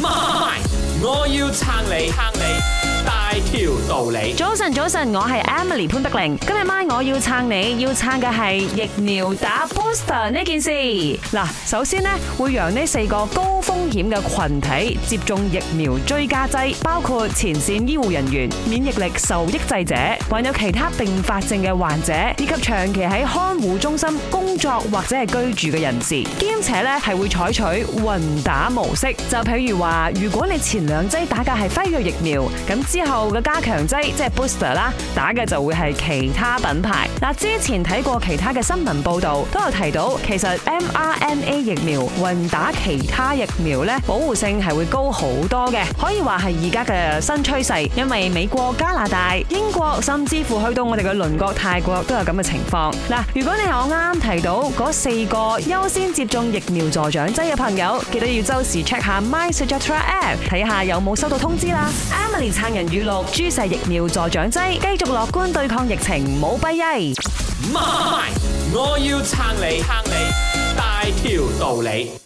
Mine, 我要撐你，撐你大條道理。早晨，早晨，我係 Emily 潘德玲。今日晚我要撐你要撐嘅係疫苗打 booster 呢件事。嗱，首先呢，會讓呢四個高風險嘅群體接種疫苗追加劑，包括前線醫護人員、免疫力受抑制者，還有其他併發症嘅患者，以及長期喺看護中心工作或者係居住嘅人士。兼且呢係會採取混打模式，就譬如話，如果你前兩劑打嘅係輝瑞疫苗，咁之後嘅加強劑即係 Booster 啦，打嘅就會係其他品牌。嗱，之前睇過其他嘅新聞報道，都有提到，其實 MRNA 疫苗混打其他疫苗苗咧保護性係會高好多嘅，可以話係而家嘅新趨勢，因為美國、加拿大、英國，甚至乎去到我哋嘅鄰國泰國都有咁嘅情況。嗱，如果你係我啱啱提到嗰四個優先接種疫苗助長劑嘅朋友，記得要周時 check 下 MySejahtera App 睇下有冇收到通知啦。Emily 撐人語錄：注射疫苗助長劑，繼續樂觀對抗疫情，唔好閉翳。我要撐你，撐你大條道理。